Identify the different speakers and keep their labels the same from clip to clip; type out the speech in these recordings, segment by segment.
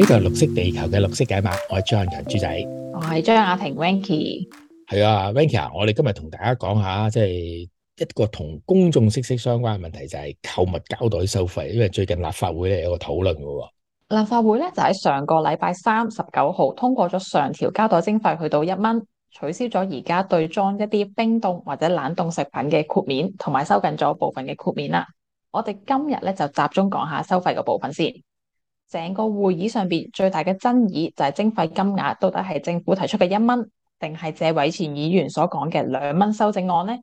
Speaker 1: 呢個綠惜地球嘅綠色解碼，我係朱漢強豬仔，
Speaker 2: 我係張雅婷 Winky，
Speaker 1: 係啊 Winky，我哋今日同大家講下，即係一個同公眾息息相關嘅問題，就係購物膠袋收費，因為最近立法會咧有個討論嘅。
Speaker 2: 立法會咧就喺上個禮拜三十九號通過咗上調膠袋徵費去到一蚊，取消咗而家對裝一啲冰凍或者冷凍食品嘅豁免，同埋收緊咗部分嘅豁免啦。我哋今日咧就集中講下收費嘅部分先。整個會議上面最大嘅爭議就係徵費金額，到底係政府提出嘅一蚊，定係謝偉銓議員所講嘅兩蚊修正案呢？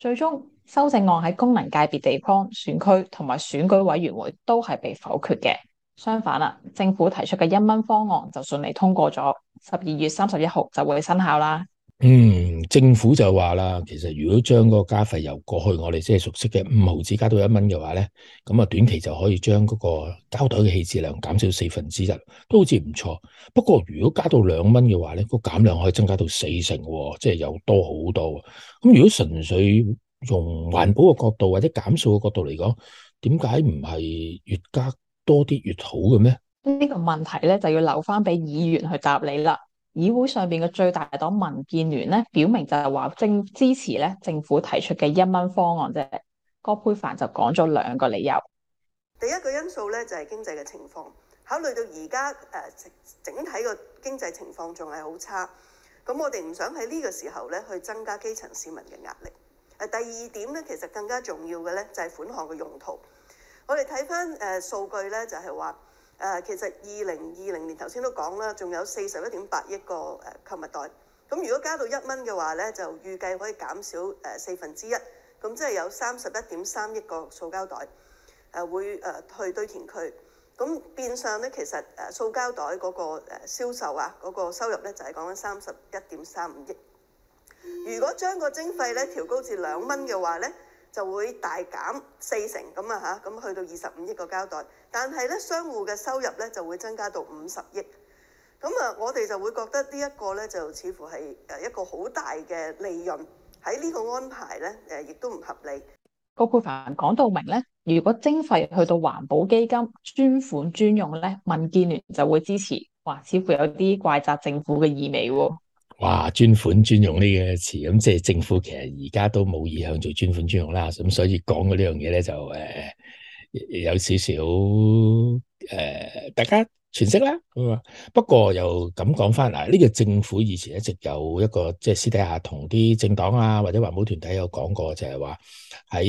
Speaker 2: 最終修正案喺功能界別地方選區同埋選舉委員會都係被否決嘅。相反啦，政府提出嘅一蚊方案就順利通過咗，十二月三十一號就會生效啦。
Speaker 1: 嗯，政府就話啦，其實如果將嗰個加費由過去我哋即係熟悉嘅五毫子加到一蚊嘅話咧，咁啊短期就可以將嗰個膠袋嘅棄置量減少四分之一，都好似唔錯。不過如果加到兩蚊嘅話咧，個減量可以增加到四成，即係有多好多。咁如果純粹用環保嘅角度或者減數嘅角度嚟講，點解唔係越加多啲越好嘅咩？
Speaker 2: 呢個問題咧就要留翻俾議員去答你啦。議會上邊嘅最大黨民建聯咧，表明就係話正支持咧政府提出嘅一蚊方案啫。葛珮帆就講咗兩個理由，
Speaker 3: 第一個因素咧就係、是、經濟嘅情況，考慮到而家誒整體個經濟情況仲係好差，咁我哋唔想喺呢個時候咧去增加基層市民嘅壓力。誒、呃、第二點咧，其實更加重要嘅咧就係、是、款項嘅用途。我哋睇翻誒數據咧，就係、是、話。誒其實二零二零年頭先都講啦，仲有四十一點八億個誒購物袋，咁如果加到一蚊嘅話咧，就預計可以減少誒四分之一，咁即係有三十一點三億個塑膠袋誒會誒去堆填區，咁變相咧其實誒塑膠袋嗰個誒銷售啊嗰個收入咧就係講緊三十一點三五億。如果將個徵費咧調高至兩蚊嘅話咧。就會大減四成，咁啊，吓，咁去到二十五億個膠袋，但係咧，商戶嘅收入咧就會增加到五十億。咁啊，我哋就會覺得呢一個咧就似乎係誒一個好大嘅利潤喺呢個安排咧誒，亦都唔合理。
Speaker 2: 葛珮帆講到明咧，如果徵費去到環保基金專款專用咧，民建聯就會支持，話似乎有啲怪責政府嘅意味喎、哦。哇！專
Speaker 1: 款專用呢個詞，咁、嗯、即係政府其實而家都冇意向做專款專用啦。咁所以講嘅呢樣嘢咧，就、呃、誒有少少誒、呃，大家傳識啦。咁啊，嗯、不過又咁講翻啊，呢、這個政府以前一直有一個即係私底下同啲政黨啊或者環保團體有講過就，就係話喺二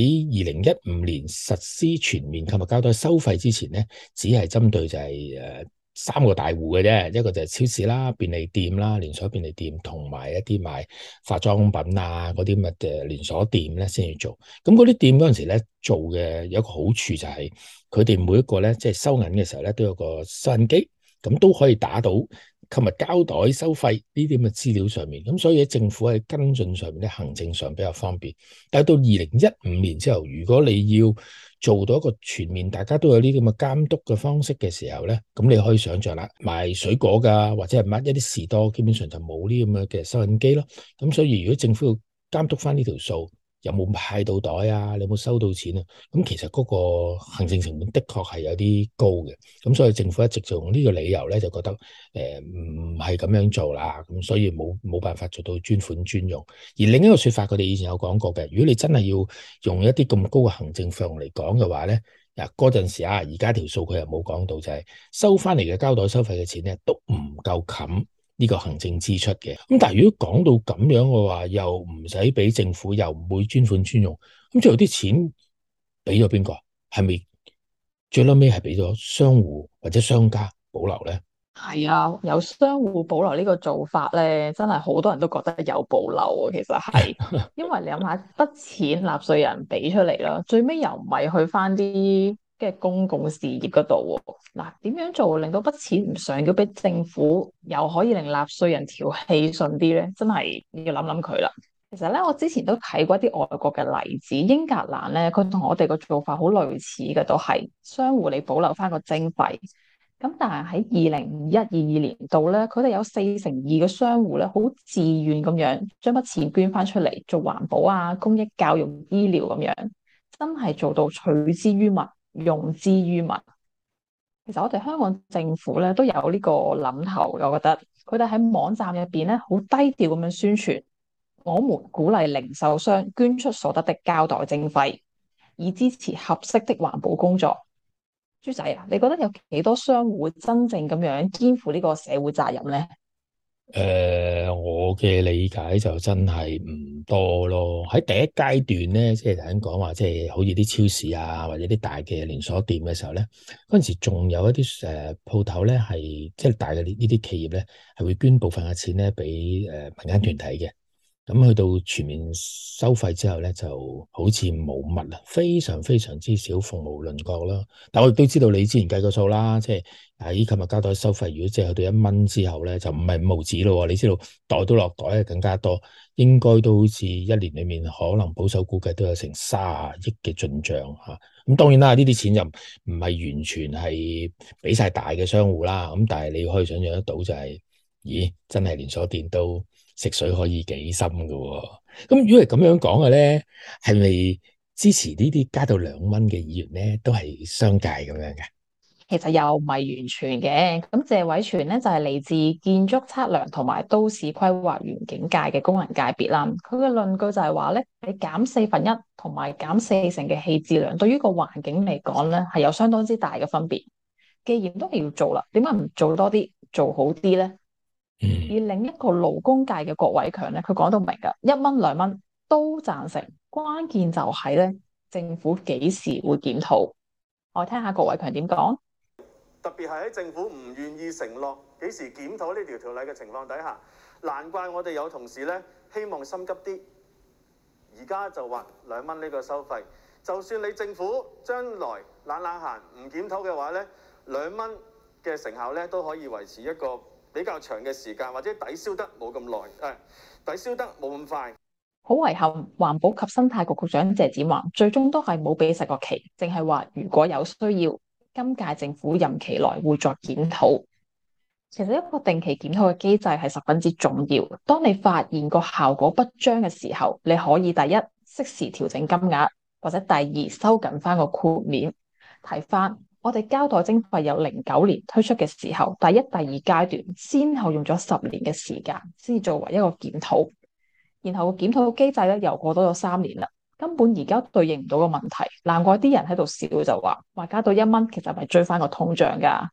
Speaker 1: 零一五年實施全面購物膠袋收費之前咧，只係針對就係、是、誒。呃三個大戶嘅啫，一個就係超市啦、便利店啦、連鎖便利店同埋一啲賣化妝品啊嗰啲咁嘅連鎖店咧，先要做。咁嗰啲店嗰陣時咧做嘅有一個好處就係佢哋每一個咧即係收銀嘅時候咧都有個收銀機，咁都可以打到購物膠袋收費呢啲咁嘅資料上面。咁所以政府喺跟進上面咧行政上比較方便。但係到二零一五年之後，如果你要做到一個全面，大家都有呢啲咁監督嘅方式嘅時候呢，咁你可以想象啦，賣水果㗎、或者係乜一啲士多，基本上就冇呢啲咁樣嘅收銀機咯。咁所以如果政府要監督返呢條數。有冇派到袋啊？你有冇收到錢啊？咁其實嗰個行政成本的確係有啲高嘅，咁所以政府一直就用呢個理由咧，就覺得誒唔係咁樣做啦，咁所以冇冇辦法做到專款專用。而另一個説法，佢哋以前有講過嘅，如果你真係要用一啲咁高嘅行政費用嚟講嘅話咧，嗱嗰陣時啊，而家條數佢又冇講到，就係、是、收翻嚟嘅膠袋收費嘅錢咧都唔夠冚。呢個行政支出嘅，咁但係如果講到咁樣嘅話，又唔使俾政府，又唔會專款專用，咁最後啲錢俾咗邊個啊？係咪最撈尾係俾咗商戶或者商家保留咧？
Speaker 2: 係啊，有商戶保留呢個做法咧，真係好多人都覺得有保留喎。其實係，是啊、因為你諗下，筆 錢納稅人俾出嚟啦，最尾又唔係去返啲嘅公共事業嗰度喎，嗱，點樣做令到筆錢唔上繳俾政府，又可以令納稅人調氣順啲咧？真係要諗諗佢啦。其實咧，我之前都睇過一啲外國嘅例子，英格蘭咧，佢同我哋個做法好類似嘅，都係商戶你保留翻個徵費。咁但係喺二零一二年度咧，佢哋有四成二嘅商戶咧，好自願咁樣將筆錢捐翻出嚟做環保啊、公益、教育、醫療咁樣，真係做到取之於民。用之於民。其實我哋香港政府咧都有呢個諗頭，我覺得佢哋喺網站入邊咧好低調咁樣宣傳。我們鼓勵零售商捐出所得的膠袋徵費，以支持合適的環保工作。豬仔啊，你覺得有幾多商戶真正咁樣肩負呢個社會責任咧？
Speaker 1: 誒、呃，我嘅理解就真係唔多咯。喺第一階段咧，即係頭先講話，即係好似啲超市啊，或者啲大嘅連鎖店嘅時候咧，嗰陣時仲有一啲誒鋪頭咧，係、呃、即係大嘅呢啲企業咧，係會捐部分嘅錢咧，俾誒民間團體嘅。咁去到全面收費之後呢，就好似冇乜啦，非常非常之少鳳毛麟角啦。但我亦都知道你之前計過數啦，即係喺購物膠袋收費，如果借去到一蚊之後呢，就唔係五毫子咯。你知道袋都落袋更加多，應該都好似一年裏面可能保守估計都有成三十億嘅進賬吓。咁、啊、當然啦，呢啲錢就唔係完全係俾晒大嘅商戶啦。咁但係你可以想象得到就係、是，咦，真係連鎖店都。食水可以幾深噶喎？咁如果係咁樣講嘅咧，係咪支持呢啲加到兩蚊嘅議員咧，都係商界咁樣嘅？
Speaker 2: 其實又唔係完全嘅。咁謝偉銓咧就係、是、嚟自建築測量同埋都市規劃園境界嘅工人界別啦。佢嘅論據就係話咧，你減四分一同埋減四成嘅棄置量對於，對於個環境嚟講咧，係有相當之大嘅分別。既然都係要做啦，點解唔做多啲做好啲咧？而另一個勞工界嘅郭偉強咧，佢講到明㗎，一蚊兩蚊都贊成，關鍵就喺咧，政府幾時會檢討。我聽下郭偉強點講。
Speaker 3: 特別係喺政府
Speaker 1: 唔願意承諾幾時檢討呢條條例嘅情況底下，難怪我哋有同事咧希望心急啲，而家就話兩蚊呢個收費，就算你政府將來懶懶閒唔檢討嘅話咧，兩蚊嘅成效咧都可以維持一個。比較長嘅時間，或者抵消得冇咁耐，誒、哎、抵
Speaker 2: 消得冇咁快。好遺憾，環保及生態局局長謝展寰最終都係冇俾實個期，淨係話如果有需要，今屆政府任期內會作檢討。其實一個定期檢討嘅機制係十分之重要。當你發現個效果不彰嘅時候，你可以第一適時調整金額，或者第二收緊翻個豁免，睇翻。我哋膠袋徵費由零九年推出嘅時候，第一、第二階段，先後用咗十年嘅時間先作為一個檢討，然後個檢討機制咧又過多咗三年啦，根本而家對應唔到個問題，難怪啲人喺度笑就話，話加到一蚊其實係追翻個通脹㗎。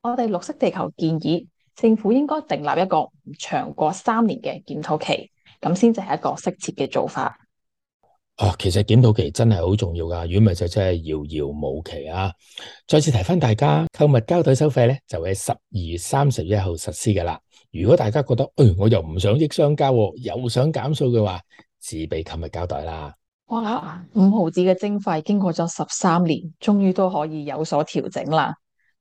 Speaker 2: 我哋綠惜地球建議政府應該訂立一個唔長過三年嘅檢討期，咁先至係一個適切嘅做法。
Speaker 1: 啊，其實檢討期真係好重要噶，如果咪就真係遙遙無期啊！再次提返大家，購物膠袋收費呢，就喺十二月三十一號實施噶啦。如果大家覺得，誒、哎，我又唔想益商家，又想減數嘅話，自備購物膠袋啦。
Speaker 2: 哇，五毫子嘅徵費經過咗十三年，終於都可以有所調整啦。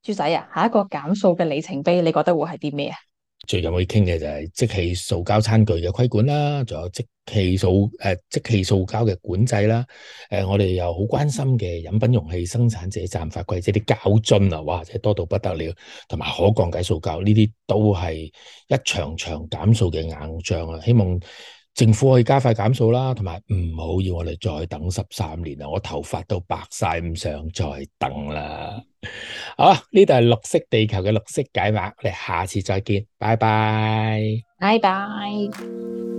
Speaker 2: 豬仔啊，下一個減數嘅里程碑，你覺得會係啲咩？
Speaker 1: 最近會傾嘅就係即棄塑膠餐具嘅規管啦，仲有即棄塑誒、呃、即棄塑膠嘅管制啦。誒、呃，我哋又好關心嘅飲品容器生產者站法規，即啲膠樽啊，哇，即係多到不得了，同埋可降解塑膠呢啲都係一場場減數嘅硬仗啊！希望，政府可以加快減數啦，同埋唔好要我哋再等十三年啦，我頭髮都白晒，唔想再等啦。好啦，呢度係綠惜地球嘅綠色解碼，我哋下次再見，拜拜，
Speaker 2: 拜拜。